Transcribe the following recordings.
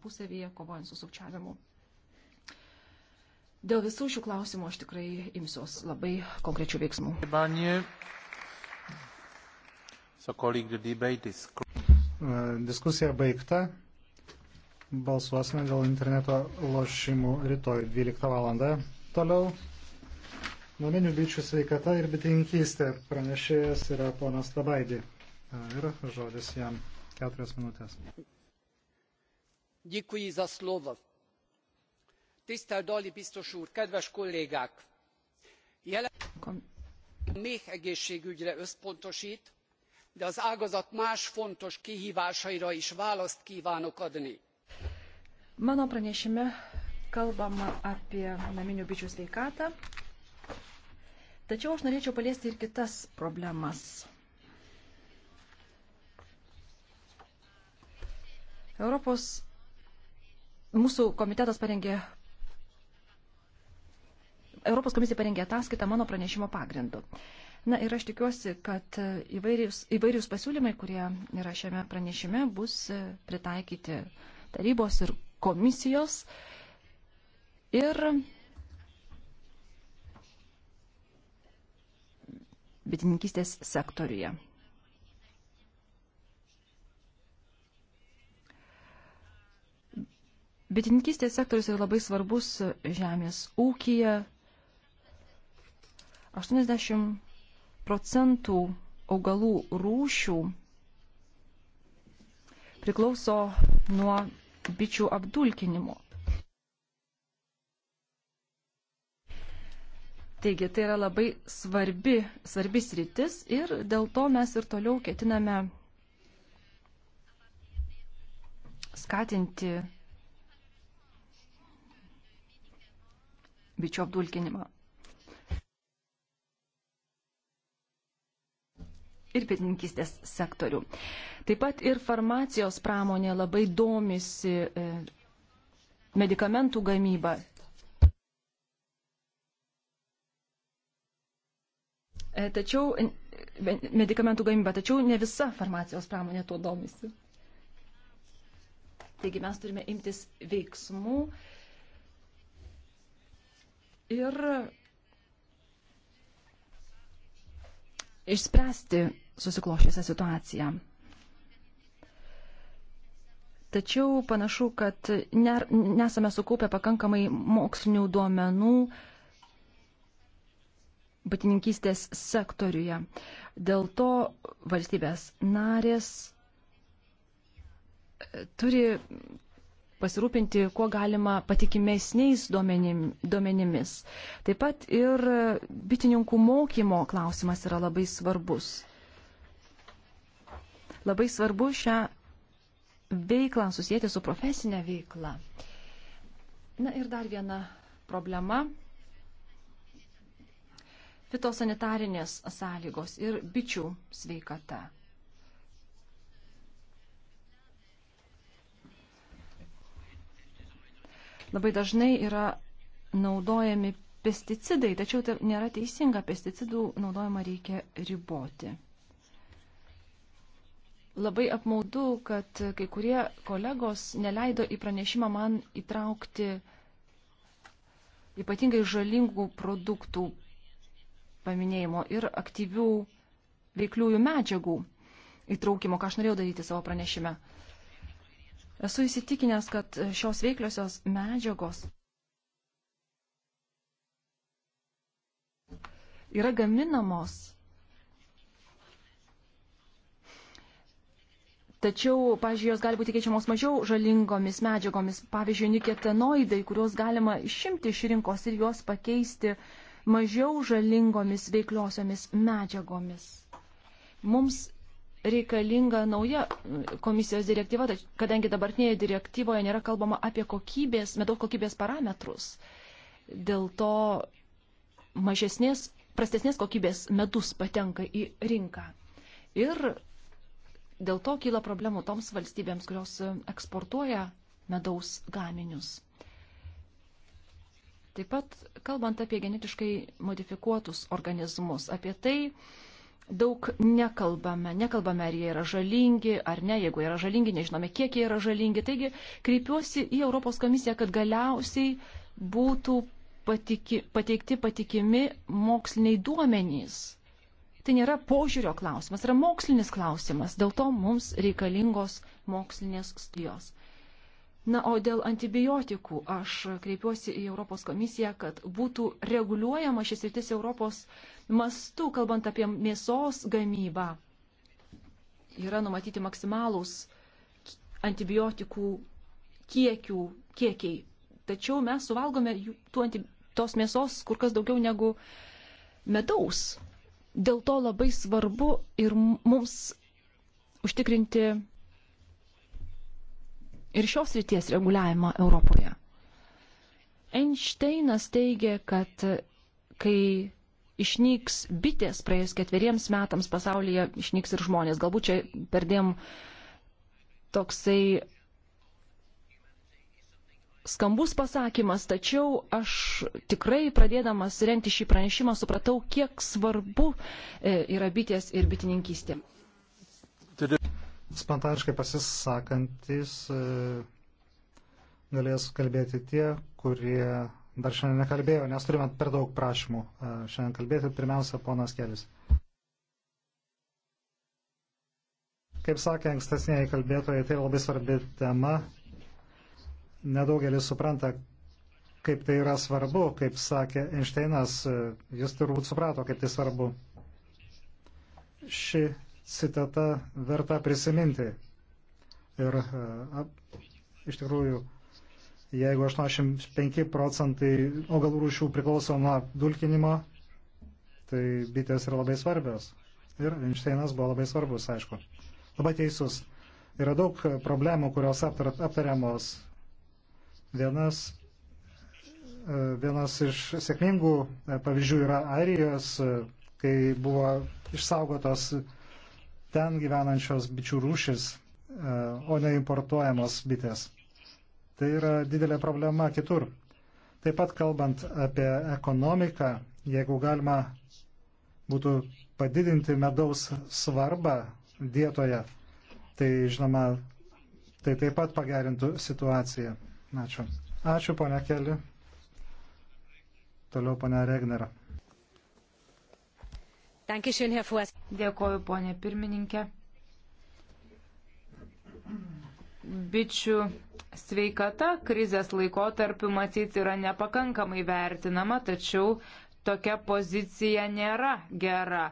tarpusavyje, kovojant su sukčiavimu. Dėl visų šių klausimų aš tikrai imsiuos labai konkrečių veiksmų. E, diskusija baigta. Balsuosime dėl interneto lošimų rytoj 12 val. Toliau. Naminių bičių sveikata ir bitininkystė. Pranešėjas yra ponas Tabaidį. E, ir žodis jam keturias minutės tisztelt dalli biztos úr kedves kollégák! jelentésünk a méhegészségügyre összpontost de az ágazat más fontos kihvásaira is választ kvánok adni. mano pranešime kalbama apie naminių bičių sveikatą tačiau aš norėčiau paliesti ir kitas problemas. europos Mūsų komitetas parengė, Europos komisija parengė ataskaitą mano pranešimo pagrindu. Na ir aš tikiuosi, kad įvairius, įvairius pasiūlymai, kurie yra šiame pranešime, bus pritaikyti tarybos ir komisijos. Ir bitininkystės sektoriuje. Bitininkystės sektorius yra labai svarbus žemės ūkija. 80 procentų augalų rūšių priklauso nuo bičių apdulkinimo. Taigi tai yra labai svarbi, svarbi sritis ir dėl to mes ir toliau ketiname skatinti bičių apdulkinimą. ir pietininkistės sektorių. Taip pat ir farmacijos pramonė labai domisi e, medikamentų gamyba. E, tačiau e, medikamentų gamyba, tačiau ne visa farmacijos pramonė tuo domisi. Taigi mes turime imtis veiksmų, uh, ir išspręsti susikloščiusią situaciją. Tačiau panašu, kad ne, nesame sukaupę pakankamai mokslinių duomenų bitininkystės sektoriuje. Dėl to valstybės narės e, turi pasirūpinti, kuo galima patikimesniais duomenim, duomenimis. Taip pat ir bitininkų mokymo klausimas yra labai svarbus. Labai svarbu šią veiklą susijęti su profesinė veikla. Na ir dar viena problema - fitosanitarinės sąlygos ir bičių sveikata. Labai dažnai yra naudojami pesticidai, tačiau tai nėra teisinga, pesticidų naudojimą reikia riboti. Labai apmaudu, kad kai kurie kolegos neleido į pranešimą man įtraukti ypatingai žalingų produktų paminėjimo ir aktyvių veikliųjų medžiagų įtraukimo, ką aš norėjau daryti savo pranešime. Esu įsitikinęs, kad šios veikliosios medžiagos yra gaminamos, tačiau, pažiūrėjau, jos gali būti keičiamos mažiau žalingomis medžiagomis, pavyzdžiui, niketenoidai, kuriuos galima išimti iš rinkos ir juos pakeisti mažiau žalingomis veikliosiomis medžiagomis. Mums reikalinga nauja komisijos direktyva, kadangi dabartinėje direktyvoje nėra kalbama apie kokybės, medaus kokybės parametrus. Dėl to mažesnės, prastesnės kokybės medus patenka į rinką. Ir dėl to kyla problemų toms valstybėms, kurios e, eksportuoja medaus gaminius. Taip pat, kalbant apie genetiškai modifikuotus organizmus, apie tai, daug nekalbame, nekalbame, ar jie yra žalingi ar ne, jeigu yra žalingi, nežinome, kiek jie yra žalingi. Taigi kreipiuosi į Europos komisiją, kad galiausiai būtų patiki, pateikti patikimi moksliniai duomenys. Tai nėra požiūrio klausimas, tai yra mokslinis klausimas, dėl to mums reikalingos mokslinės studijos. Na, o dėl antibiotikų aš kreipiuosi į Europos komisiją, kad būtų reguliuojama šis rytis Europos mastu, kalbant apie mėsos gamybą. Yra numatyti maksimalūs antibiotikų kiekių, kiekiai. Tačiau mes suvalgome tų anti, tos mėsos kur kas daugiau negu medaus. Dėl to labai svarbu ir mums užtikrinti ir šios ryties reguliavimą Europoje. Einšteinas teigia, kad kai išnyks bitės praėjus ketveriems metams pasaulyje, išnyks ir žmonės. Galbūt čia perdėm toksai skambus pasakymas, tačiau aš tikrai pradėdamas renti šį pranešimą supratau, kiek svarbu e, yra bitės ir bitininkystė spontaniškai pasisakantis e, galės kalbėti tie, kurie dar šiandien nekalbėjo, nes turime per daug prašymų e, šiandien kalbėti. Pirmiausia, ponas Kelis. Kaip sakė ankstesniai kalbėtojai, tai labai svarbi tema. Nedaugelis supranta, kaip tai yra svarbu, kaip sakė Einšteinas, e, jis turbūt suprato, kaip tai svarbu. Ši citata verta prisiminti. Ir e, a, iš tikrųjų, jeigu 85 procentai augalų rūšių priklauso nuo dulkinimo, tai bitės yra labai svarbios. Ir Einšteinas buvo labai svarbus, aišku. Labai teisus. Yra daug problemų, kurios aptariamos. Vienas, e, vienas iš sėkmingų e, pavyzdžių yra Airijos, kai buvo išsaugotos ten gyvenančios bičių rūšis, e, o ne importuojamos bitės. Tai yra didelė problema kitur. Taip pat kalbant apie ekonomiką, jeigu galima būtų padidinti medaus svarbą dietoje, tai žinoma, tai taip pat pagerintų situaciją. Ačiū. Ačiū, ponia Keli. Toliau, ponia Regnera. Dėkoju, ponė pirmininkė. Bičių sveikata krizės laikotarpiu matyti yra nepakankamai vertinama, tačiau tokia pozicija nėra gera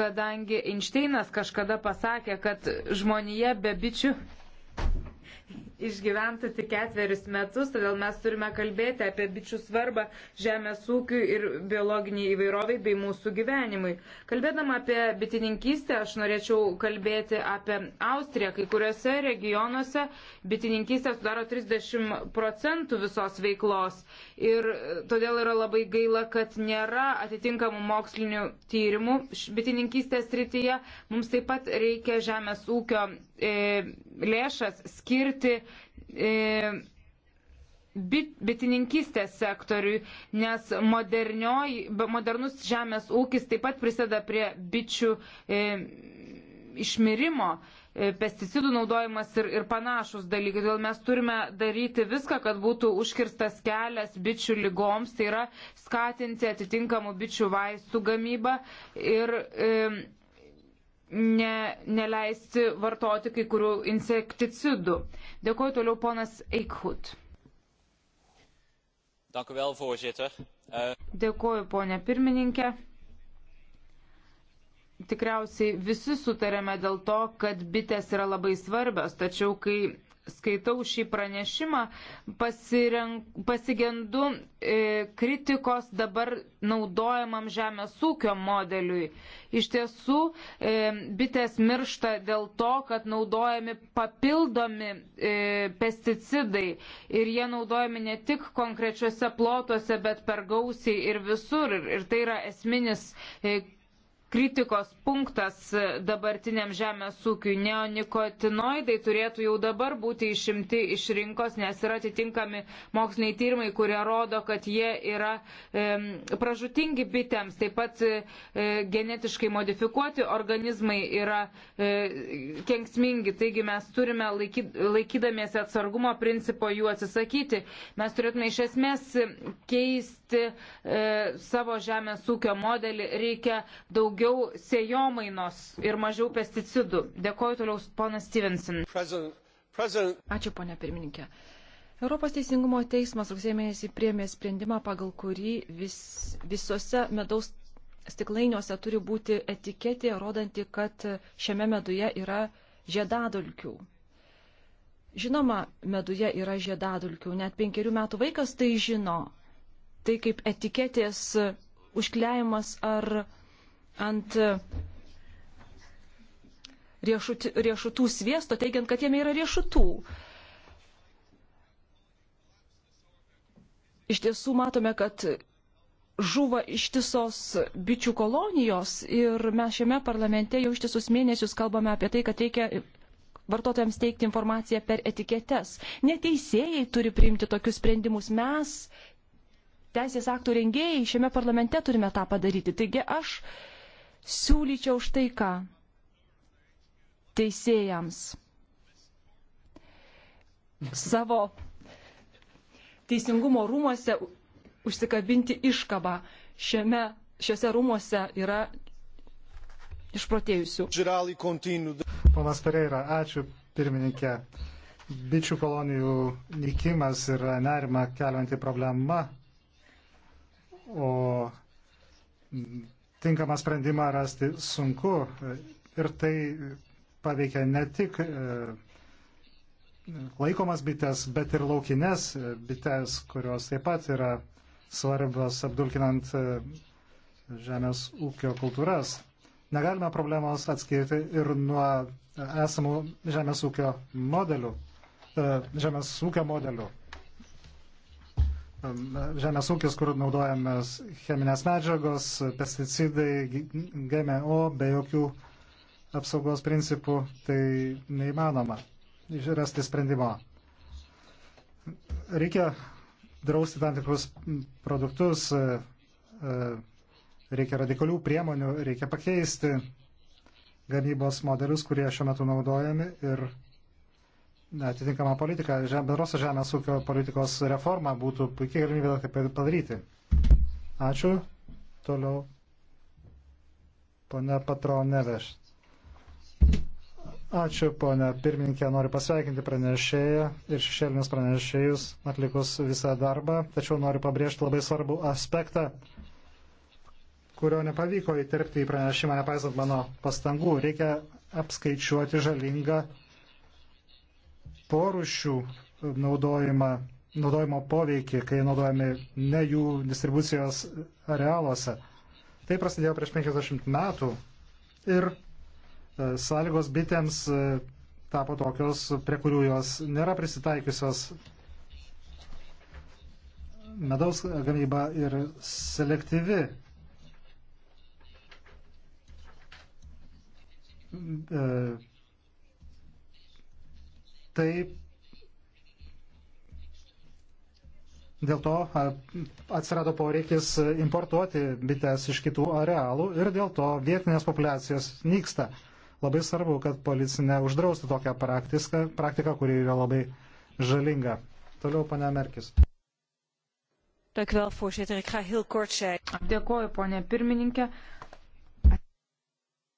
kadangi Einšteinas kažkada pasakė, kad žmonija be bičių išgyventa tik ketverius metus, todėl mes turime kalbėti apie bičių svarbą žemės ūkiui ir biologiniai įvairoviai bei mūsų gyvenimui. Kalbėdama apie bitininkystę, aš norėčiau kalbėti apie Austriją. Kai kuriuose regionuose bitininkystė sudaro 30 procentų visos veiklos ir todėl yra labai gaila, kad nėra atitinkamų mokslinių tyrimų bitininkystės rytyje. Mums taip pat reikia žemės ūkio E, lėšas skirti e, bit, bitininkystės sektoriui, nes modernus žemės ūkis taip pat prisideda prie bičių e, išmirimo, e, pesticidų naudojimas ir, ir panašus dalykai. Todėl mes turime daryti viską, kad būtų užkirstas kelias bičių lygoms, tai yra skatinti atitinkamų bičių vaistų gamybą ir e, ne, neleisti vartoti kai kurių insekticidų. Dėkuoju toliau ponas Eikhut. Eh, Dėkuoju ponė pirmininkė. Tikriausiai visi sutarėme dėl to, kad bitės yra labai svarbios, tačiau kai skaitau šį pranešimą, pasirenk, pasigendu e, kritikos dabar naudojamam žemės ūkio modeliui. Iš tiesų, e, bitės miršta dėl to, kad naudojami papildomi e, pesticidai ir jie naudojami ne tik konkrečiuose plotuose, bet per gausiai ir visur. Ir, ir tai yra esminis e, kritikos punktas dabartiniam žemės ūkiui. Neonikotinoidai turėtų jau dabar būti išimti iš rinkos, nes yra atitinkami moksliniai tyrimai, kurie rodo, kad jie yra e, pražutingi bitėms. Taip pat e, genetiškai modifikuoti organizmai yra e, kenksmingi. Taigi mes turime laiky, laikydamiesi atsargumo principo jų atsisakyti. Mes turėtume iš esmės keisti e, savo žemės ūkio modelį. Reikia daugiau daugiau sėjomainos ir mažiau pesticidų. Dėkoju toliau ponas Stevenson. President, President. Ačiū ponė pirmininkė. Europos Teisingumo teismas rugsėjo mėnesį priemė sprendimą, pagal kurį vis, visose medaus stiklainiuose turi būti etiketė, rodanti, kad šiame meduje yra žiedadulkių. Žinoma, meduje yra žiedadulkių, net penkerių metų vaikas tai žino. Tai kaip etiketės užkleimas ar ant e, riešut, riešutų sviesto, teigiant, kad jame yra riešutų. Iš tiesų matome, kad žuva ištisos bičių kolonijos ir mes šiame parlamente jau ištisus mėnesius kalbame apie tai, kad reikia vartotojams teikti informaciją per etiketes. Neteisėjai turi priimti tokius sprendimus. Mes, teisės aktų rengėjai, šiame parlamente turime tą padaryti. Taigi aš siūlyčiau štai ką teisėjams. Savo teisingumo rūmose užsikabinti iškabą. Šiame, šiuose rūmose yra išprotėjusių. Ponas Pereira, ačiū pirmininkė. Bičių kolonijų nykimas yra nerima kelianti problema, o tinkamą sprendimą rasti sunku ir tai paveikia ne tik e, laikomas bites, bet ir laukinės e, bites, kurios taip pat yra svarbios apdulkinant e, žemės ūkio kultūras. Negalime problemos atskirti ir nuo esamų žemės ūkio modelių, žemės ūkio modelių žemės ūkis, kur naudojame cheminės medžiagos, pesticidai, GMO, be jokių apsaugos principų, tai neįmanoma rasti sprendimo. Reikia drausti tam tikrus produktus, e, e, reikia radikalių priemonių, reikia pakeisti gamybos modelius, kurie šiuo metu naudojami ir atitinkamą politiką. Bendrosios žemės ūkio politikos reforma būtų puikiai galimybė tai padaryti. Ačiū. Toliau. Pone Patroneveš. Ačiū, ponė pirmininkė. Noriu pasveikinti pranešėją ir šešėlinius pranešėjus atlikus visą darbą, tačiau noriu pabrėžti labai svarbų aspektą, kurio nepavyko įterpti į pranešimą, nepaisant mano pastangų. Reikia apskaičiuoti žalingą porušių naudojimą, naudojimo poveikį, kai naudojami ne jų distribucijos arealuose. Tai prasidėjo prieš 50 metų ir e, sąlygos bitėms e, tapo tokios, prie kurių jos nėra prisitaikiusios. Medaus gamyba ir selektyvi e, tai dėl to atsirado poreikis importuoti bites iš kitų arealų ir dėl to vietinės populiacijos nyksta. Labai svarbu, kad policinė uždraustų tokią praktiką, praktiką kuri yra labai žalinga. Toliau, pane Merkis. Dėkuoju, ponė pirmininkė.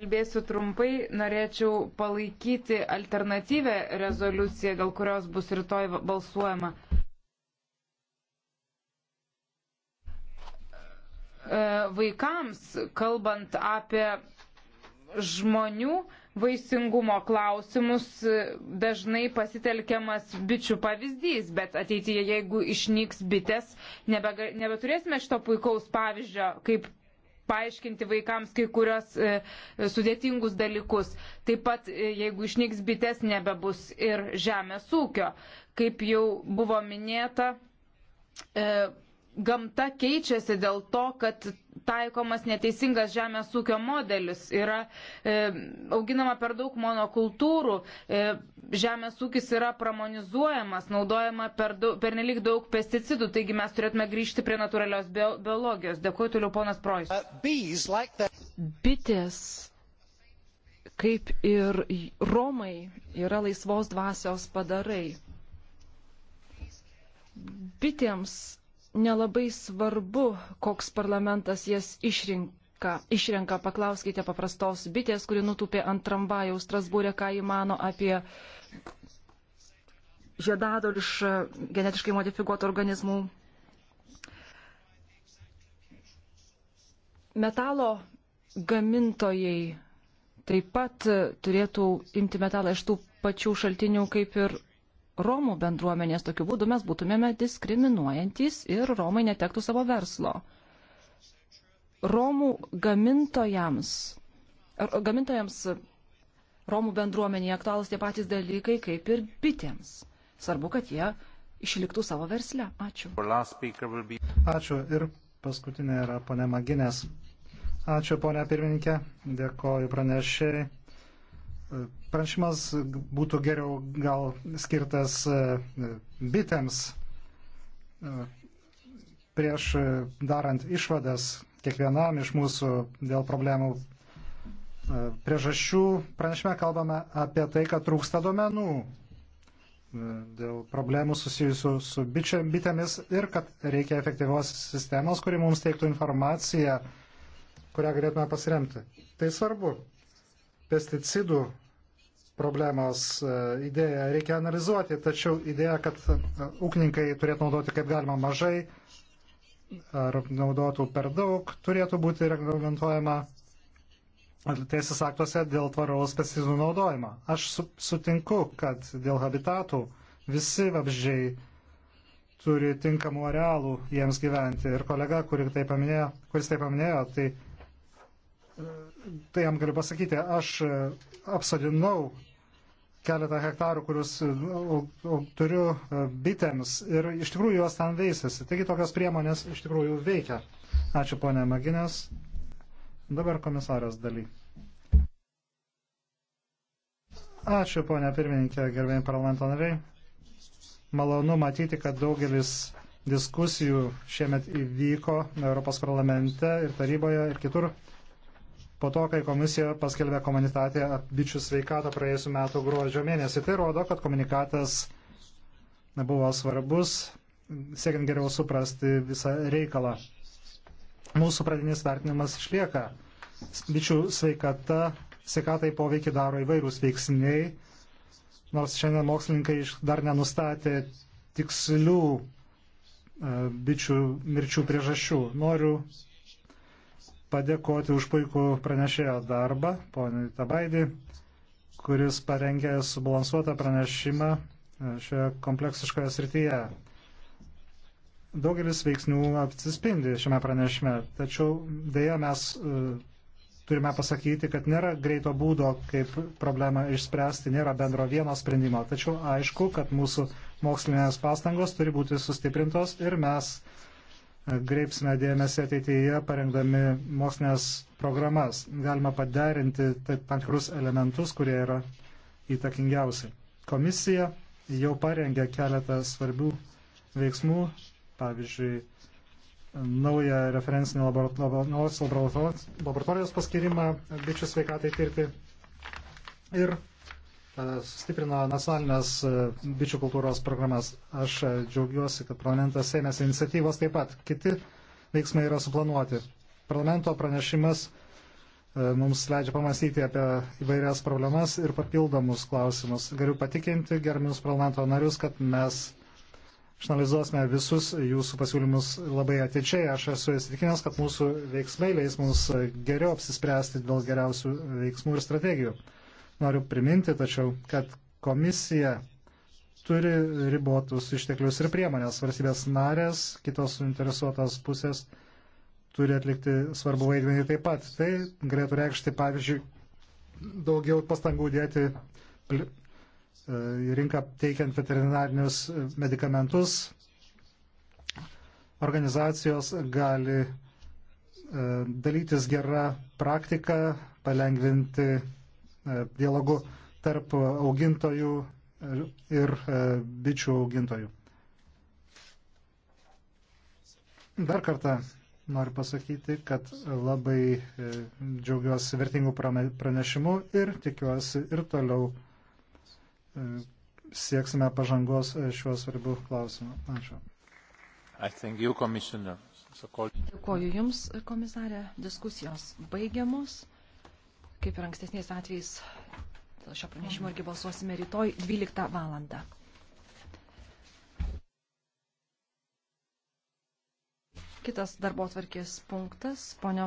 Kalbėsiu trumpai, norėčiau palaikyti alternatyvę rezoliuciją, dėl kurios bus rytoj balsuojama. E, vaikams, kalbant apie žmonių vaisingumo klausimus, dažnai pasitelkiamas bičių pavyzdys, bet ateityje, jeigu išnyks bitės, nebeturėsime šito puikaus pavyzdžio, kaip paaiškinti vaikams kai kurios e, e, sudėtingus dalykus. Taip pat, e, jeigu išnyks bites, nebebus ir žemės ūkio. Kaip jau buvo minėta, e, gamta keičiasi dėl to, kad taikomas neteisingas žemės ūkio modelis, yra e, auginama per daug monokultūrų, e, žemės ūkis yra pramonizuojamas, naudojama per, daug, per nelik daug pesticidų, taigi mes turėtume grįžti prie natūralios biologijos. Dėkuoju toliau, ponas Projus. Uh, Bitės, kaip ir Romai, yra laisvos dvasios padarai. Bitėms nelabai svarbu, koks parlamentas jas išrinka. Išrenka, paklauskite paprastos bitės, kuri nutupė ant tramvajaus Strasbūrė, ką įmano apie žiedadol iš e, genetiškai modifikuotų organizmų. Metalo gamintojai taip pat e, turėtų imti metalą iš tų pačių šaltinių kaip ir Romų bendruomenės. Tokiu būdu mes būtumėme diskriminuojantis ir Romai netektų savo verslo. Romų gamintojams, gamintojams Romų bendruomenėje aktualūs tie patys dalykai kaip ir bitėms. Svarbu, kad jie išliktų savo versle. Ačiū. Ačiū. Ir paskutinė yra ponė Maginės. Ačiū, ponė pirmininkė. Dėkoju pranešėjai pranešimas būtų geriau gal skirtas e, bitėms e, prieš darant išvadas kiekvienam iš mūsų dėl problemų e, priežasčių. Pranešime kalbame apie tai, kad trūksta duomenų dėl problemų susijusių su bičiam, bitėmis ir kad reikia efektyvios sistemos, kuri mums teiktų informaciją, kurią galėtume pasiremti. Tai svarbu pesticidų problemos e, idėją reikia analizuoti, tačiau idėja, kad e, ūkininkai turėtų naudoti kaip galima mažai ar naudotų per daug, turėtų būti reglamentuojama teisės aktuose dėl tvaraus pesticidų naudojimo. Aš su, sutinku, kad dėl habitatų visi vabžiai turi tinkamų arealų jiems gyventi. Ir kolega, kuri tai paminėjo, kuris tai paminėjo, tai e, tai jam galiu pasakyti, aš e, apsodinau keletą hektarų, kuriuos e, turiu e, bitėms ir iš tikrųjų jos ten veisėsi. Taigi tokios priemonės iš tikrųjų veikia. Ačiū ponė Maginės. Dabar komisaras daly. Ačiū ponė pirmininkė, gerbėjai parlamento nariai. Malonu matyti, kad daugelis diskusijų šiemet įvyko Europos parlamente ir taryboje ir kitur po to, kai komisija paskelbė komunikatę bičių sveikatą praėjusiu metu gruodžio mėnesį. Tai rodo, kad komunikatas buvo svarbus, siekiant geriau suprasti visą reikalą. Mūsų pradinis vertinimas išlieka. Bičių sveikata, sveikatai poveikį daro įvairūs veiksniai, nors šiandien mokslininkai dar nenustatė tikslių e, bičių mirčių priežasčių. Noriu padėkoti už puikų pranešėjo darbą, poniai Tabaidį, kuris parengė subalansuotą pranešimą e, šioje kompleksiškoje srityje. Daugelis veiksnių atsispindi šiame pranešime, tačiau dėja mes e, turime pasakyti, kad nėra greito būdo, kaip problemą išspręsti, nėra bendro vieno sprendimo. Tačiau aišku, kad mūsų mokslinės pastangos turi būti sustiprintos ir mes greipsime dėmesį ateityje, parengdami mokslinės programas. Galima padarinti tam tikrus elementus, kurie yra įtakingiausi. Komisija jau parengė keletą svarbių veiksmų, pavyzdžiui, naują referencinį laboratorijos paskirimą bičių sveikatai tirti ir E, stiprino nacionalinės e, bičių kultūros programas. Aš e, džiaugiuosi, kad parlamentas ėmėsi iniciatyvos taip pat. Kiti veiksmai yra suplanuoti. Parlamento pranešimas mums leidžia pamastyti apie įvairias problemas ir papildomus klausimus. Galiu patikinti gerbimus parlamento narius, kad mes išanalizuosime visus jūsų pasiūlymus labai ateičiai. Aš esu įsitikinęs, kad mūsų veiksmai leis mums geriau apsispręsti dėl geriausių veiksmų ir strategijų. Noriu priminti tačiau, kad komisija turi ribotus išteklius ir priemonės. Varsybės narės, kitos suinteresuotos pusės turi atlikti svarbu vaidmenį taip pat. Tai galėtų reikšti, pavyzdžiui, daugiau pastangų dėti e, į rinką teikiant veterinarinius medikamentus. Organizacijos gali e, dalytis gerą praktiką, palengvinti E, dialogu tarp augintojų ir e, bičių augintojų. Dar kartą noriu pasakyti, kad labai e, džiaugiuosi vertingų pranešimų ir tikiuosi ir toliau sieksime pažangos šiuo svarbiu klausimu. Ačiū. You, Dėkuoju Jums, komisarė. Diskusijos baigiamos. Kaip ir ankstesniais atvejais, dėl šio pranešimo irgi balsuosime rytoj 12 valandą. Kitas darbo tvarkės punktas, ponio